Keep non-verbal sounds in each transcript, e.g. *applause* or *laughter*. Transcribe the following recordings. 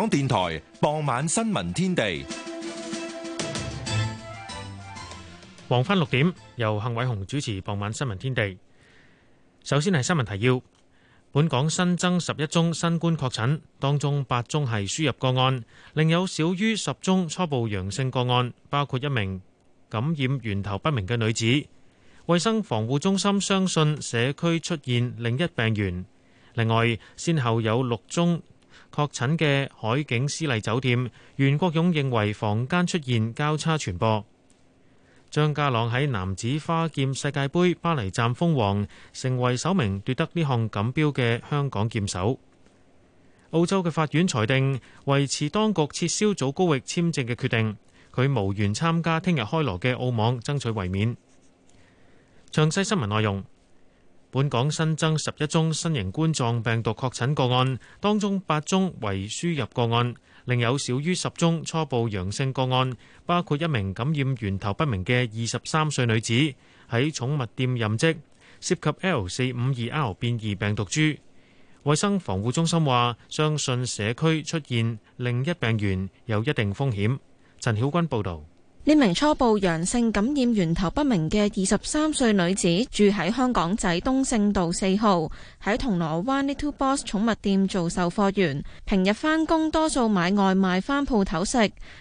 港電台傍晚新聞天地，黃昏六點由幸偉雄主持傍晚新聞天地。首先係新聞提要：本港新增十一宗新冠確診，當中八宗係輸入個案，另有少於十宗初步陽性個案，包括一名感染源頭不明嘅女子。衛生防護中心相信社區出現另一病源。另外，先後有六宗。確診嘅海景絲麗酒店，袁國勇認為房間出現交叉傳播。張家朗喺男子花劍世界盃巴黎站封王，成為首名奪得呢項錦標嘅香港劍手。澳洲嘅法院裁定維持當局撤銷早高域簽證嘅決定，佢無緣參加聽日開鑼嘅澳網爭取衛冕。詳細新聞內容。本港新增十一宗新型冠狀病毒確診個案，當中八宗為輸入個案，另有少於十宗初步陽性個案，包括一名感染源頭不明嘅二十三歲女子喺寵物店任職，涉及 L 四五二 R 變異病毒株。衛生防護中心話相信社區出現另一病源有一定風險，陳曉君報道。呢名初步陽性感染源頭不明嘅二十三歲女子住喺香港仔東勝道四號，喺銅鑼灣 Little Boss 寵物店做售貨員，平日翻工多數買外賣翻鋪頭食。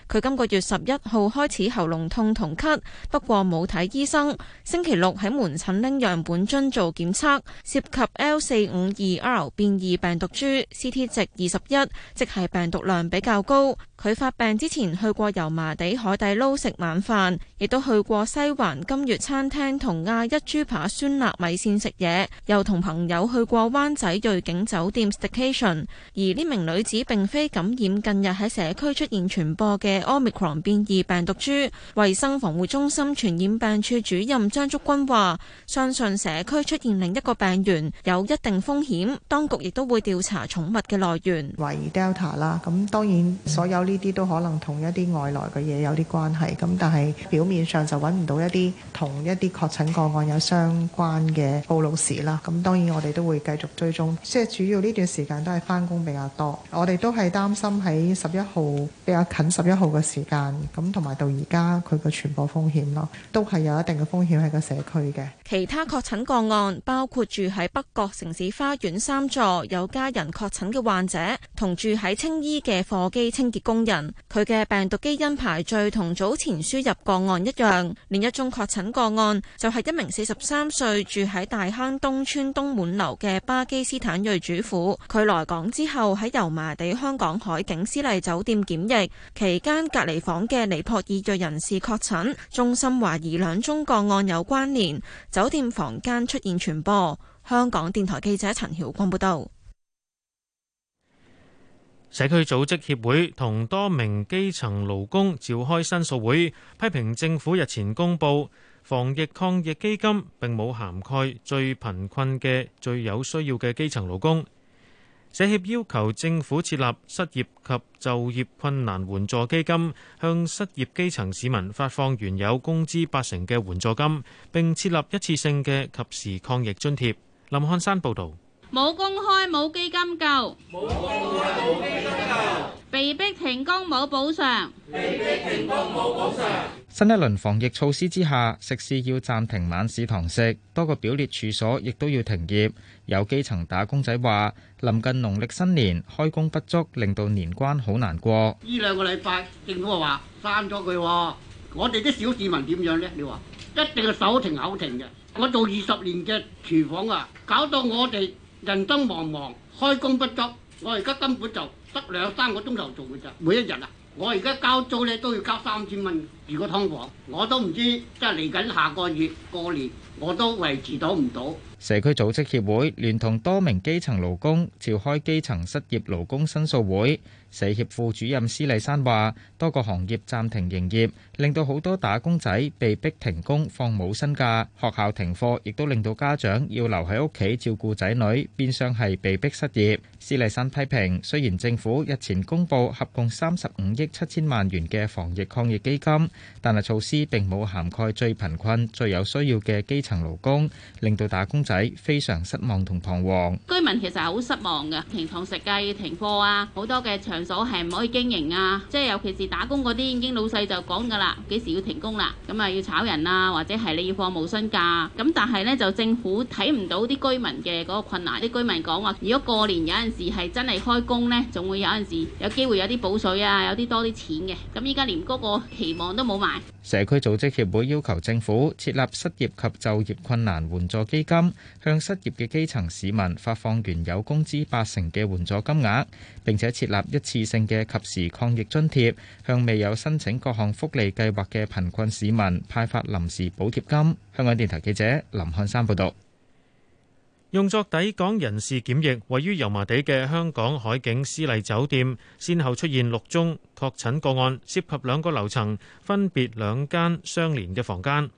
佢今個月十一號開始喉嚨痛同咳，不過冇睇醫生。星期六喺門診拎樣本樽做檢測，涉及 L 四五二 R 變異病毒株，CT 值二十一，即係病毒量比較高。佢發病之前去過油麻地海底撈食食晚飯，亦都去過西環金月餐廳同亞一豬扒酸辣米線食嘢，又同朋友去過灣仔瑞景酒店 staycation。而呢名女子並非感染近日喺社區出現傳播嘅 Omicron 變異病毒株。衛生防護中心傳染病處主任張竹君話，相信社區出現另一個病源有一定風險，當局亦都會調查寵物嘅來源，懷疑 Delta 啦。咁當然，所有呢啲都可能同一啲外來嘅嘢有啲關係。咁但係表面上就揾唔到一啲同一啲確診個案有相關嘅暴露史啦。咁當然我哋都會繼續追蹤，即係主要呢段時間都係翻工比較多。我哋都係擔心喺十一號比較近十一號嘅時間，咁同埋到而家佢嘅傳播風險咯，都係有一定嘅風險，喺個社區嘅。其他確診個案包括住喺北角城市花園三座有家人確診嘅患者，同住喺青衣嘅貨機清潔工人，佢嘅病毒基因排序同早前。前輸入個案一樣，另一宗確診個案就係、是、一名四十三歲住喺大坑東村東滿樓嘅巴基斯坦裔主婦。佢來港之後喺油麻地香港海景斯麗酒店檢疫期間，間隔離房嘅尼泊爾裔，裔人士確診，中心懷疑兩宗個案有關聯，酒店房間出現傳播。香港電台記者陳曉光報道。社區組織協會同多名基層勞工召開申訴會，批評政府日前公布防疫抗疫基金並冇涵蓋最貧困嘅、最有需要嘅基層勞工。社協要求政府設立失業及就業困難援助基金，向失業基層市民發放原有工資八成嘅援助金，並設立一次性嘅及時抗疫津貼。林漢山報導。冇公開，冇基金救，冇公開，冇基金救，被逼停工冇補償，被逼停工冇補償。新一輪防疫措施之下，食肆要暫停晚市堂食，多個表列處所亦都要停業。有基層打工仔話，臨近農曆新年，開工不足，令到年關好難過。呢兩個禮拜，政府話刪咗句，我哋啲小市民點樣呢？你」你話一定係手停口停嘅。我做二十年嘅廚房啊，搞到我哋。人心惶惶，開工不足，我而家根本就得兩三個鐘頭做嘅啫。每一日啊，我而家交租咧都要交三千蚊，如果劏房，我都唔知即係嚟緊下個月過年我都維持到唔到。社區組織協會聯同多名基層勞工召開基層失業勞工申訴會，社協副主任施麗珊話：多個行業暫停營業，令到好多打工仔被逼停工放冇薪假，學校停課亦都令到家長要留喺屋企照顧仔女，變相係被逼失業。施麗珊批評，雖然政府日前公布合共三十五億七千萬元嘅防疫抗疫基金，但係措施並冇涵蓋最貧困、最有需要嘅基層勞工，令到打工仔非常失望同彷徨。居民其實係好失望嘅，停堂食雞、停課啊，好多嘅場所係唔可以經營啊，即係尤其是打工嗰啲，已經老細就講㗎啦，幾時要停工啦，咁啊要炒人啊，或者係你要放無薪假，咁但係呢就政府睇唔到啲居民嘅嗰個困難，啲居民講話，如果過年有人，時係真係開工呢，仲會有陣時有機會有啲補水啊，有啲多啲錢嘅。咁依家連嗰個期望都冇埋。社區組織協會要求政府設立失業及就業困難援助基金，向失業嘅基層市民發放原有工資八成嘅援助金額，並且設立一次性嘅及時抗疫津貼，向未有申請各項福利計劃嘅貧困市民派發臨時補貼金。香港電台記者林漢山報道。用作抵港人士檢疫，位於油麻地嘅香港海景私麗酒店，先後出現六宗確診個案，涉及兩個樓層，分別兩間相連嘅房間。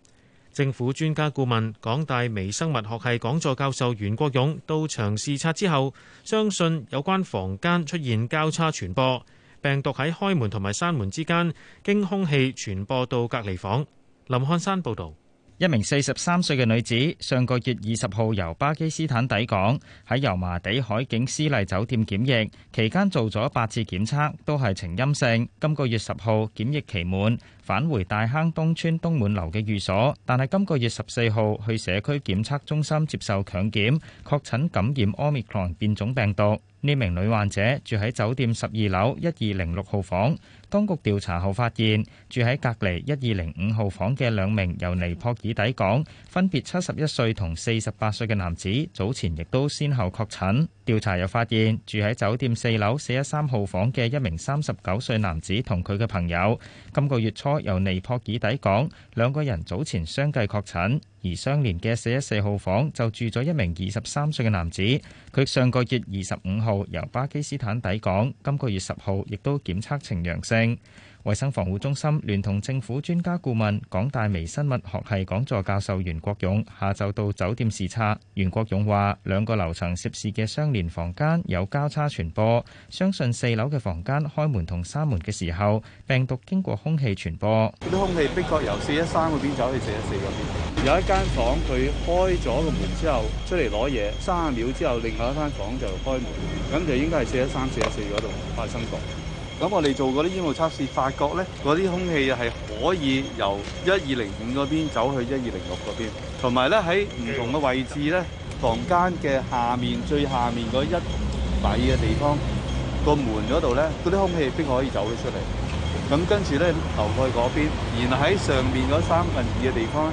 政府專家顧問港大微生物學系講座教授袁國勇到場視察之後，相信有關房間出現交叉傳播，病毒喺開門同埋閂門之間經空氣傳播到隔離房。林漢山報道。一名四十三歲嘅女子，上個月二十號由巴基斯坦抵港，喺油麻地海景絲麗酒店檢疫，期間做咗八次檢測，都係呈陰性。今個月十號檢疫期滿，返回大坑東村東滿樓嘅寓所，但係今個月十四號去社區檢測中心接受強檢，確診感染 Omicron 變種病毒。呢名女患者住喺酒店十二樓一二零六號房。當局調查後發現，住喺隔離一二零五號房嘅兩名由尼泊爾抵港，分別七十一歲同四十八歲嘅男子，早前亦都先後確診。調查又發現，住喺酒店四樓四一三號房嘅一名三十九歲男子同佢嘅朋友，今個月初由尼泊爾抵港，兩個人早前相繼確診。而相連嘅四一四號房就住咗一名二十三歲嘅男子，佢上個月二十五號由巴基斯坦抵港，今個月十號亦都檢測呈陽性。衛生防護中心聯同政府專家顧問、港大微生物學系講座教授袁國勇下晝到酒店視察。袁國勇話：兩個樓層涉事嘅相連房間有交叉傳播，相信四樓嘅房間開門同閂門嘅時候，病毒經過空氣傳播。嗰啲空氣的確由四一三嗰邊走去四一四嗰邊。有一間房佢開咗個門之後，出嚟攞嘢，三十秒之後，另外一間房就開門，咁就應該係四一三、四一四嗰度發生過。咁我哋做嗰啲煙霧測試，發覺咧嗰啲空氣係可以由一二零五嗰邊走去一二零六嗰邊，呢同埋咧喺唔同嘅位置咧，房間嘅下面最下面嗰一米嘅地方，個門嗰度咧，嗰啲空氣邊可以走得出嚟？咁跟住咧流去嗰邊，然後喺上面嗰三分二嘅地方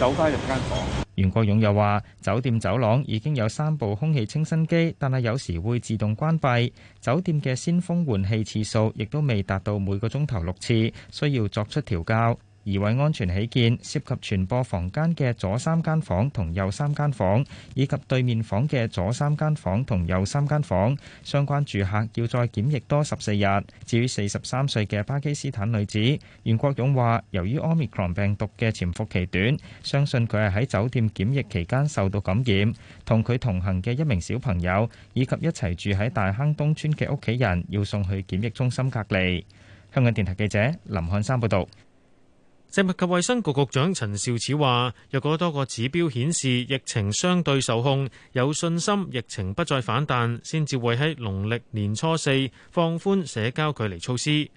走翻入間房。袁國勇又話：酒店走廊已經有三部空氣清新機，但係有時會自動關閉。酒店嘅鮮風換氣次數亦都未達到每個鐘頭六次，需要作出調校。而為安全起見，涉及傳播房間嘅左三間房同右三間房，以及對面房嘅左三間房同右三間房，相關住客要再檢疫多十四日。至於四十三歲嘅巴基斯坦女子，袁國勇話，由於 Omicron 病毒嘅潛伏期短，相信佢係喺酒店檢疫期間受到感染。同佢同行嘅一名小朋友以及一齊住喺大坑東村嘅屋企人，要送去檢疫中心隔離。香港電台記者林漢山報導。食物及衛生局局長陳肇始話：若果多個指標顯示疫情相對受控，有信心疫情不再反彈，先至會喺農曆年初四放寬社交距離措施。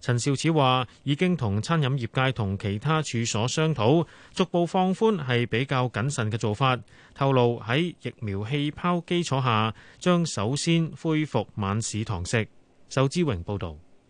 陳肇始話：已經同餐飲業界同其他處所商討，逐步放寬係比較謹慎嘅做法。透露喺疫苗氣泡基礎下，將首先恢復晚市堂食。仇志榮報導。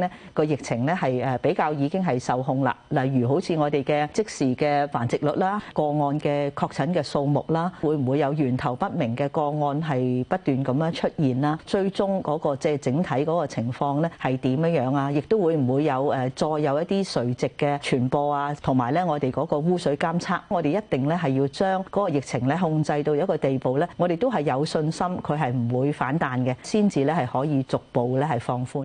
咧個疫情咧係誒比較已經係受控啦。例如好似我哋嘅即時嘅繁殖率啦、個案嘅確診嘅數目啦，會唔會有源頭不明嘅個案係不斷咁樣出現啦？最終嗰個即係整體嗰個情況咧係點樣樣啊？亦都會唔會有誒再有一啲垂直嘅傳播啊？同埋咧我哋嗰個污水監測，我哋一定咧係要將嗰個疫情咧控制到一個地步咧，我哋都係有信心佢係唔會反彈嘅，先至咧係可以逐步咧係放寬。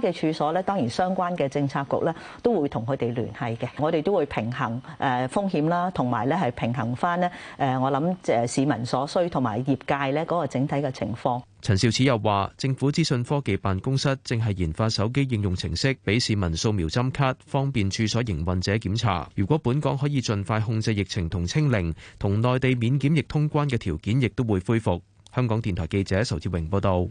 嘅處所咧，當然相關嘅政策局咧，都會同佢哋聯繫嘅。我哋都會平衡誒風險啦，同埋咧係平衡翻咧誒，我諗誒市民所需同埋業界咧嗰個整體嘅情況。陳肇始又話：政府資訊科技辦公室正係研發手機應用程式，俾市民掃描針卡，方便處所營運者檢查。如果本港可以盡快控制疫情同清零，同內地免檢疫通關嘅條件亦都會恢復。香港電台記者仇志榮報道。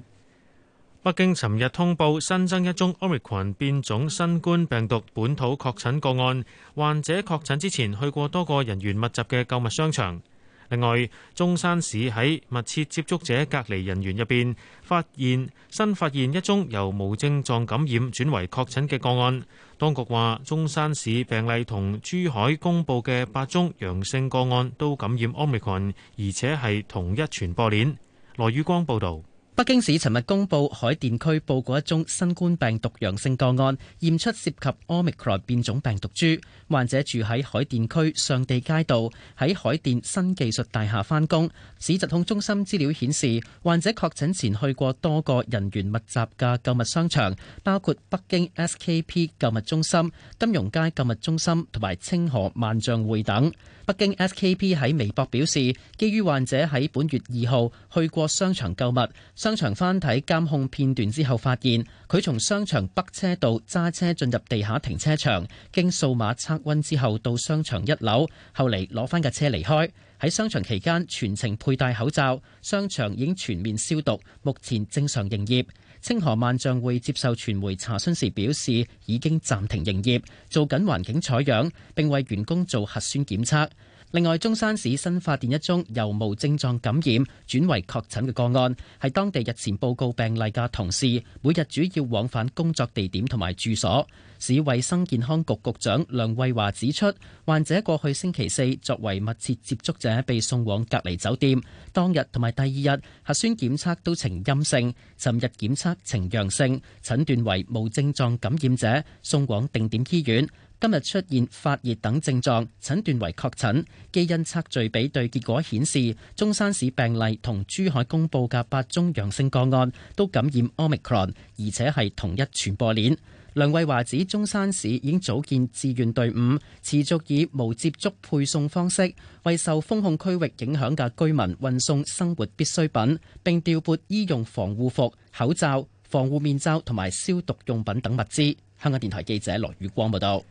北京尋日通報新增一宗奧密克戎變種新冠病毒本土確診個案，患者確診之前去過多個人員密集嘅購物商場。另外，中山市喺密切接觸者隔離人員入邊發現新發現一宗由無症狀感染轉為確診嘅個案。當局話，中山市病例同珠海公佈嘅八宗陽性個案都感染奧密克戎，而且係同一傳播鏈。羅宇光報導。北京市尋日公布海淀區報告一宗新冠病毒陽性個案，驗出涉及 Omicron 變種病毒株。患者住喺海淀區上地街道，喺海淀新技術大廈翻工。市疾控中心資料顯示，患者確診前去過多個人員密集嘅購物商場，包括北京 SKP 購物中心、金融街購物中心同埋清河萬象匯等。北京 SKP 喺微博表示，基於患者喺本月二號去過商場購物，商場翻睇監控片段之後發現，佢從商場北車道揸車進入地下停車場，經數碼測溫之後到商場一樓，後嚟攞翻架車離開。喺商場期間全程佩戴口罩，商場已經全面消毒，目前正常營業。清河萬象會接受傳媒查詢時表示，已經暫停營業，做緊環境採樣，並為員工做核酸檢測。另外，中山市新發電一宗由無症狀感染轉為確診嘅個案，係當地日前報告病例嘅同事，每日主要往返工作地點同埋住所。市衛生健康局局長梁慧華指出，患者過去星期四作為密切接觸者被送往隔離酒店。當日同埋第二日，核酸檢測都呈陰性，尋日檢測呈陽性，診斷為無症狀感染者，送往定點醫院。今日出現發熱等症狀，診斷為確診。基因測序比對結果顯示，中山市病例同珠海公布嘅八宗陽性個案都感染 Omicron，而且係同一傳播鏈。梁慧華指，中山市已經組建志願隊伍，持續以無接觸配送方式為受封控區域影響嘅居民運送生活必需品，並調撥醫用防護服、口罩、防護面罩同埋消毒用品等物資。香港電台記者羅宇光報道。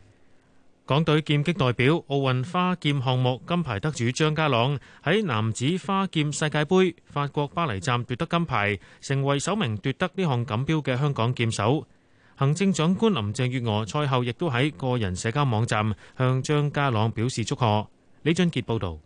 港隊劍擊代表奧運花劍項目金牌得主張家朗喺男子花劍世界盃法國巴黎站奪得金牌，成為首名奪得呢項錦標嘅香港劍手。行政長官林鄭月娥賽後亦都喺個人社交網站向張家朗表示祝賀。李俊杰報道。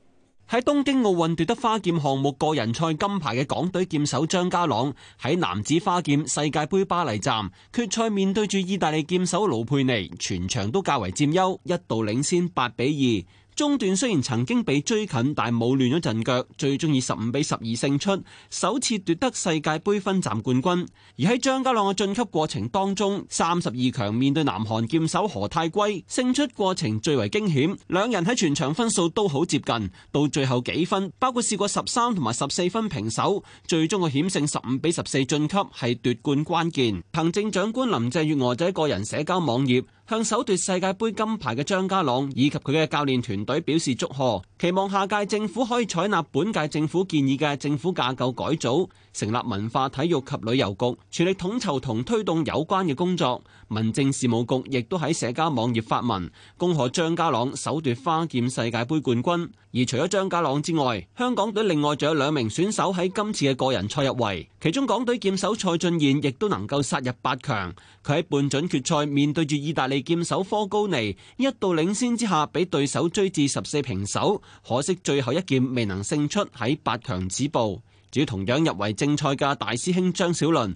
喺東京奧運奪得花劍項目個人賽金牌嘅港隊劍手張家朗，喺男子花劍世界杯巴黎站決賽面對住意大利劍手盧佩尼，全場都較為佔優，一度領先八比二。中段雖然曾經被追近，但冇亂咗陣腳。最終以十五比十二勝出，首次奪得世界盃分站冠軍。而喺張家朗嘅晉級過程當中，三十二強面對南韓劍手何泰圭，勝出過程最為驚險。兩人喺全場分數都好接近，到最後幾分包括試過十三同埋十四分平手，最終嘅險勝十五比十四晉級係奪冠關鍵。行政長官林鄭月娥就喺個人社交網頁，向首奪世界盃金牌嘅張家朗以及佢嘅教練團隊表示祝賀。期望下屆政府可以採納本屆政府建議嘅政府架構改組，成立文化、體育及旅遊局，全力統籌同推動有關嘅工作。民政事務局亦都喺社交網頁發文，恭賀張家朗首奪花劍世界盃冠軍。而除咗張家朗之外，香港隊另外仲有兩名選手喺今次嘅個人賽入圍，其中港隊劍手蔡俊彥亦都能夠殺入八強。佢喺半準決賽面對住意大利劍手科高尼，一度領先之下，俾對手追至十四平手。可惜最後一劍未能勝出，喺八強止步。至於同樣入圍正賽嘅大師兄張小倫。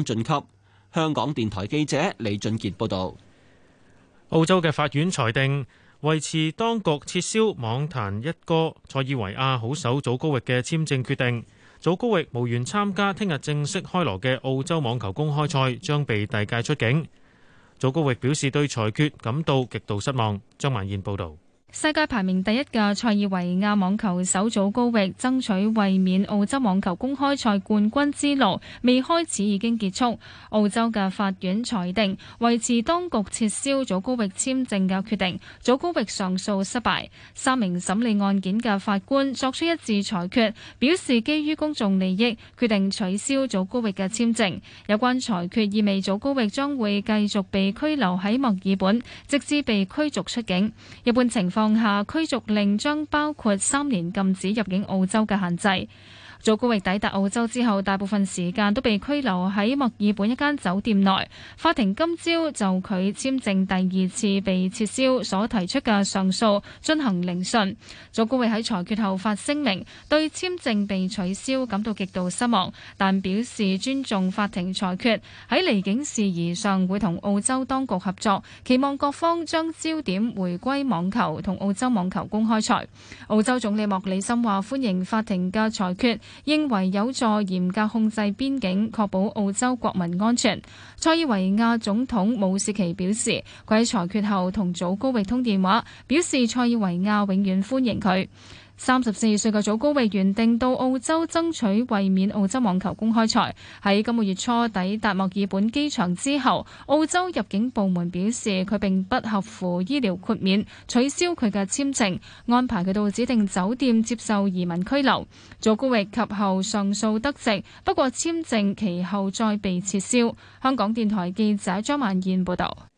晉級。香港電台記者李俊杰報道，澳洲嘅法院裁定維持當局撤銷網壇一哥塞爾維亞好手祖高域嘅簽證決定。祖高域無緣參加聽日正式開鑼嘅澳洲網球公開賽，將被遞解出境。祖高域表示對裁決感到極度失望。張曼燕報道。世界排名第一嘅塞爾維亞網球手祖高域爭取衛冕澳洲網球公開賽冠軍之路，未開始已經結束。澳洲嘅法院裁定維持當局撤銷祖高域簽證嘅決定，祖高域上訴失敗。三名審理案件嘅法官作出一致裁決，表示基於公眾利益，決定取消祖高域嘅簽證。有關裁決意味祖高域將會繼續被拘留喺墨爾本，直至被驅逐出境。一般情況。放下驅逐令將包括三年禁止入境澳洲嘅限制。祖高域抵達澳洲之後，大部分時間都被拘留喺墨爾本一間酒店內。法庭今朝就佢簽證第二次被撤銷所提出嘅上訴進行聆訊。祖高域喺裁決後發聲明，對簽證被取消感到極度失望，但表示尊重法庭裁決，喺離境事宜上會同澳洲當局合作，期望各方將焦點回歸網球同澳洲網球公開賽。澳洲總理莫里森話歡迎法庭嘅裁決。認為有助嚴格控制邊境，確保澳洲國民安全。塞爾維亞總統武士奇表示，佢喺裁決後同祖高域通電話，表示塞爾維亞永遠歡迎佢。三十四歲嘅祖高域原定到澳洲爭取衛冕澳洲網球公開賽，喺今個月初抵達墨爾本機場之後，澳洲入境部門表示佢並不合乎醫療豁免，取消佢嘅簽證，安排佢到指定酒店接受移民拘留。祖高域及後上訴得直，不過簽證其後再被撤銷。香港電台記者張曼燕報導。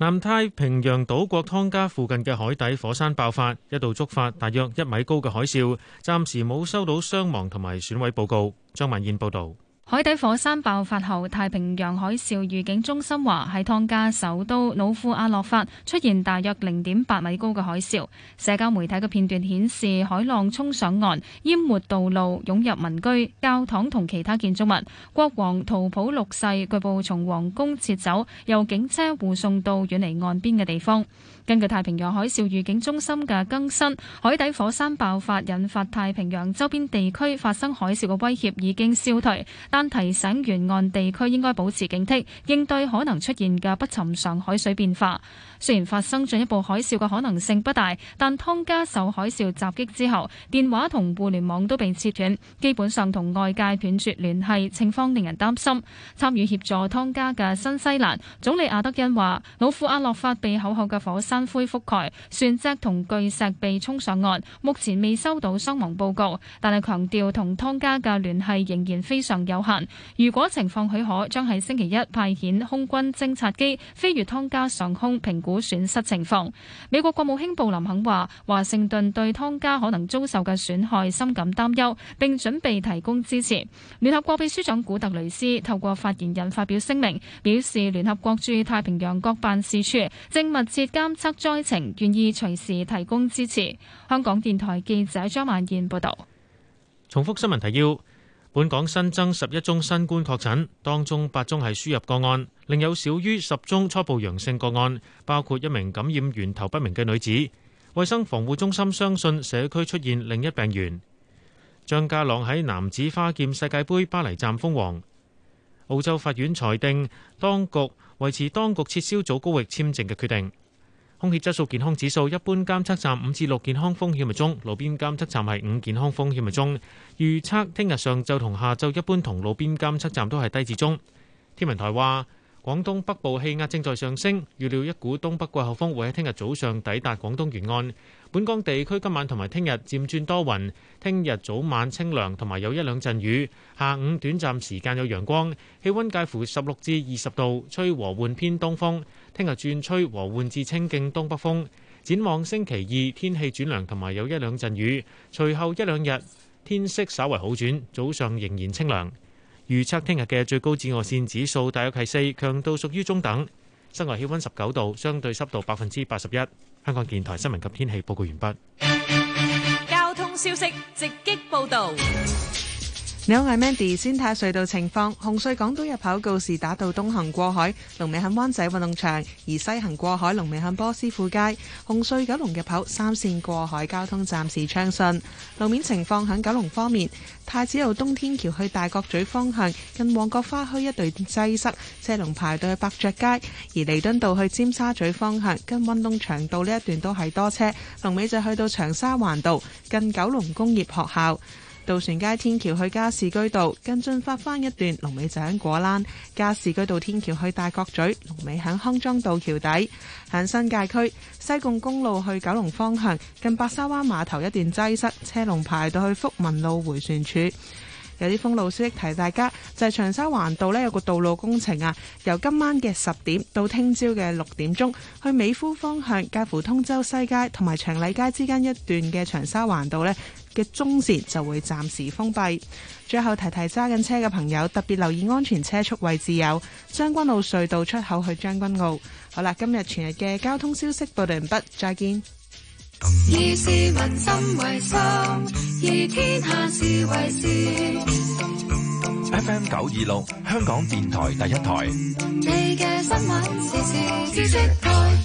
南太平洋島國湯加附近嘅海底火山爆發，一度觸發大約一米高嘅海嘯，暫時冇收到傷亡同埋損毀報告。張文燕報道。海底火山爆發後，太平洋海嘯預警中心話，喺湯加首都努庫阿洛法出現大約零點八米高嘅海嘯。社交媒體嘅片段顯示海浪沖上岸，淹沒道路，湧入民居、教堂同其他建築物。國王圖普六世據報從皇宮撤走，由警車護送到遠離岸邊嘅地方。根據太平洋海嘯預警中心嘅更新，海底火山爆發引發太平洋周邊地區發生海嘯嘅威脅已經消退，但提醒沿岸地區應該保持警惕，應對可能出現嘅不尋常海水變化。雖然發生進一步海嘯嘅可能性不大，但湯加受海嘯襲擊之後，電話同互聯網都被切斷，基本上同外界斷絕聯繫，情況令人擔心。參與協助湯加嘅新西蘭總理阿德恩話，老夫阿洛法被口口嘅火山灰覆蓋，船隻同巨石被沖上岸，目前未收到傷亡報告，但係強調同湯加嘅聯繫仍然非常有限。如果情況許可，將喺星期一派遣空軍偵察機飛越湯加上空評估損失情況。美國國務卿布林肯話，華盛頓對湯加可能遭受嘅損害深感擔憂，並準備提供支持。聯合國秘書長古特雷斯透過發言人發表聲明，表示聯合國駐太平洋各辦事處正密切監測。災情願意隨時提供支持。香港電台記者張萬燕報道。重複新聞提要，本港新增十一宗新冠確診，當中八宗係輸入個案，另有少於十宗初步陽性個案，包括一名感染源頭不明嘅女子。衛生防護中心相信社區出現另一病源。張家朗喺男子花劍世界杯巴黎站封王。澳洲法院裁定當局維持當局撤銷祖高域簽證嘅決定。空氣質素健康指數一般監測站五至六，健康風險係中，路邊監測站係五，健康風險係中。預測聽日上晝同下晝一般同路邊監測站都係低至中。天文台話，廣東北部氣壓正在上升，預料一股東北季候風會喺聽日早上抵達廣東沿岸。本港地區今晚同埋聽日漸轉多雲，聽日早晚清涼同埋有一兩陣雨，下午短暫時間有陽光，氣温介乎十六至二十度，吹和緩偏東風。聽日轉吹和緩至清勁東北風。展望星期二天氣轉涼同埋有一兩陣雨，隨後一兩日天色稍為好轉，早上仍然清涼。預測聽日嘅最高紫外線指數大約係四，強度屬於中等。室外氣温十九度，相對濕度百分之八十一。香港電台新聞及天氣報告完畢。交通消息直擊報導。你好，我係 Mandy。先睇下隧道情況，紅隧港島入口告示打到東行過海，龍尾喺灣仔運動場；而西行過海，龍尾喺波斯富街。紅隧九龍入口三線過海交通暫時暢順。路面情況喺九龍方面，太子路東天橋去大角咀方向，近旺角花墟一段擠塞，車龍排到去百爵街；而利敦道去尖沙咀方向，跟運動場道呢一段都係多車，龍尾就去到長沙環道近九龍工業學校。渡船街天橋去加士居道跟進發翻一段龍尾就喺果欄；加士居道天橋去大角咀龍尾響康莊道橋底，響新界區西貢公路去九龍方向近白沙灣碼頭一段擠塞，車龍排到去福民路回旋處。有啲封路消息提大家，就係長沙環道呢，有個道路工程啊，由今晚嘅十點到聽朝嘅六點鐘，去美孚方向介乎通州西街同埋長禮街之間一段嘅長沙環道呢。嘅中線就會暫時封閉。最後提提揸緊車嘅朋友，特別留意安全車速，位置有將軍澳隧道出口去將軍澳。好啦，今日全日嘅交通消息報道完畢，再見。以市民心為心，以天下事為事。 *music* FM 九二六，香港電台第一台。你嘅新聞時事資訊台。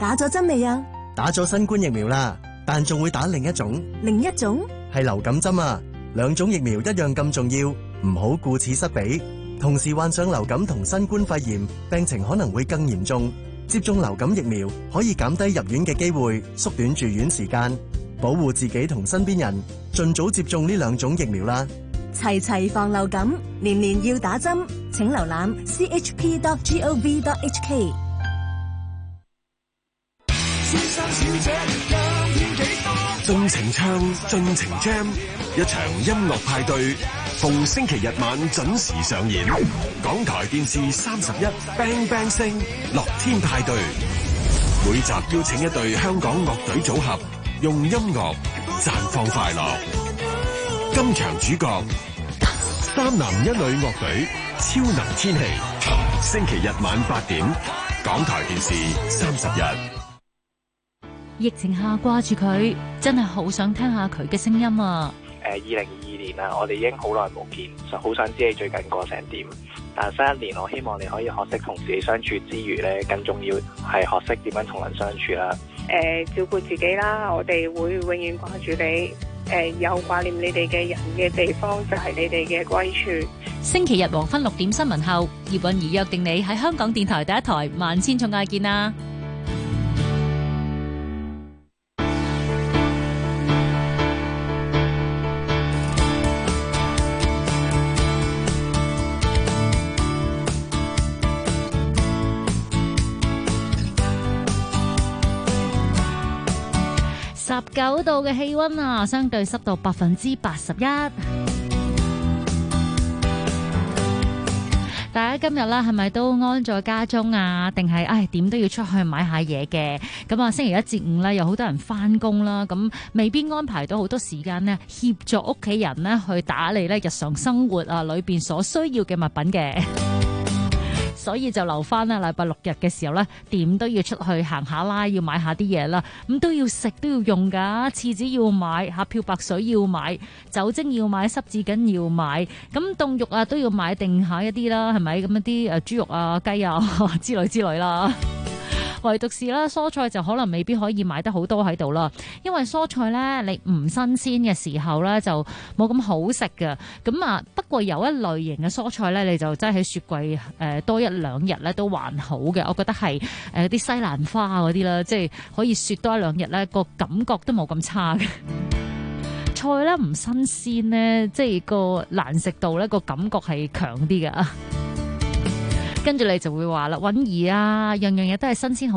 打咗針未啊？打咗新冠疫苗啦。但仲會打另一種，另一種係流感針啊！兩種疫苗一樣咁重要，唔好顧此失彼。同時患上流感同新冠肺炎，病情可能會更嚴重。接種流感疫苗可以減低入院嘅機會，縮短住院時間，保護自己同身邊人。盡早接種呢兩種疫苗啦！齊齊防流感，年年要打針。請瀏覽 chp.gov.hk。先生小姐，大家。盡情唱，盡情 jam，一場音樂派對，逢星期日晚準時上演。港台電視三十一，bang bang 聲，樂天派對。每集邀請一對香港樂隊組合，用音樂綻放快樂。今場主角三男一女樂隊超能天氣，星期日晚八點，港台電視三十日。疫情下掛住佢，真係好想聽下佢嘅聲音啊！誒、呃，二零二二年啦，我哋已經好耐冇見，就好想知你最近過成點。但新一年，我希望你可以學識同自己相處之餘咧，更重要係學識點樣同人相處啦。誒、呃，照顧自己啦，我哋會永遠掛住你。誒、呃，有掛念你哋嘅人嘅地方就係、是、你哋嘅歸處。星期日黃昏六點新聞後，葉蘊儀約定你喺香港電台第一台萬千寵愛見啦。九度嘅氣溫啊，相對濕度百分之八十一。大家今日咧係咪都安在家中啊？定係唉點都要出去買下嘢嘅？咁啊，星期一至五咧，有好多人翻工啦，咁未必安排到好多時間咧協助屋企人咧去打理咧日常生活啊裏面所需要嘅物品嘅。所以就留返啦，禮拜六日嘅時候咧，點都要出去行下啦，要買下啲嘢啦，咁都要食都要用㗎，廁紙要買，吓，漂白水要買，酒精要買，濕紙巾要買，咁凍肉啊都要買定下一啲啦，係咪？咁一啲誒豬肉啊、雞啊 *laughs* 之類之類啦。唯獨是啦，蔬菜就可能未必可以買得好多喺度啦，因為蔬菜咧你唔新鮮嘅時候咧就冇咁好食㗎。咁啊，不過有一類型嘅蔬菜咧，你就真係喺雪櫃誒多一兩日咧都還好嘅。我覺得係誒啲西蘭花嗰啲啦，即係可以雪多一兩日咧，個感覺都冇咁差嘅。菜咧唔新鮮咧，即係個難食度咧個感覺係強啲㗎。跟住你就會話啦，韻兒啊，樣樣嘢都係新鮮。